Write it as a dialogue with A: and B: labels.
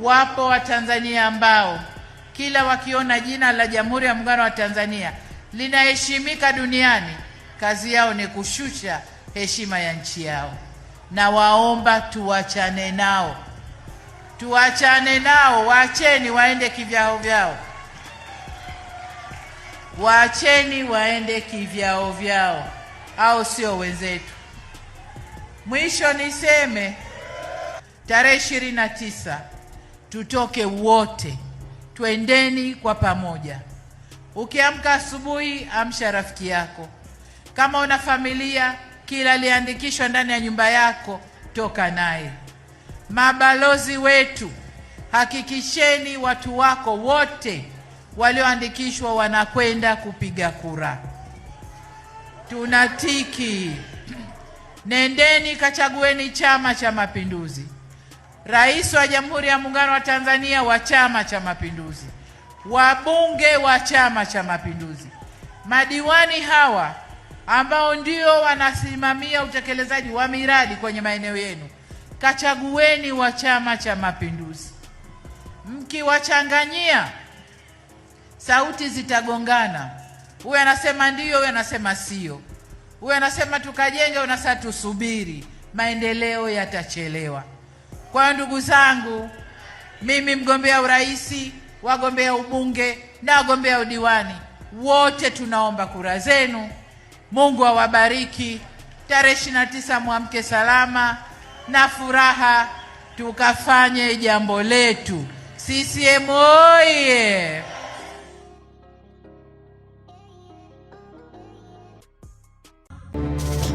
A: Wapo Watanzania ambao kila wakiona jina la Jamhuri ya Muungano wa Tanzania linaheshimika duniani, kazi yao ni kushusha heshima ya nchi yao. Na waomba tuwachane nao, tuwachane nao, waacheni waende kivyao vyao, waacheni waende kivyao vyao, au sio wenzetu? Mwisho niseme tarehe ishirini na tisa tutoke wote, twendeni kwa pamoja. Ukiamka asubuhi, amsha rafiki yako. Kama una familia, kila aliandikishwa ndani ya nyumba yako, toka naye. Mabalozi wetu, hakikisheni watu wako wote walioandikishwa wanakwenda kupiga kura. Tunatiki, nendeni kachagueni Chama cha Mapinduzi. Rais wa Jamhuri ya Muungano wa Tanzania wa Chama cha Mapinduzi, wabunge wa Chama cha Mapinduzi, madiwani hawa ambao ndio wanasimamia utekelezaji wa miradi kwenye maeneo yenu, kachagueni wa Chama cha Mapinduzi. Mkiwachanganyia sauti zitagongana, huyu anasema ndio huyu anasema sio, huyu anasema tukajenge, unasema tusubiri. Maendeleo yatachelewa. Kwa hiyo ndugu zangu, mimi mgombea urais, wagombea ubunge na wagombea udiwani wote tunaomba kura zenu. Mungu awabariki. Tarehe ishirini na tisa mwamke salama na furaha, tukafanye jambo letu. CCM oye!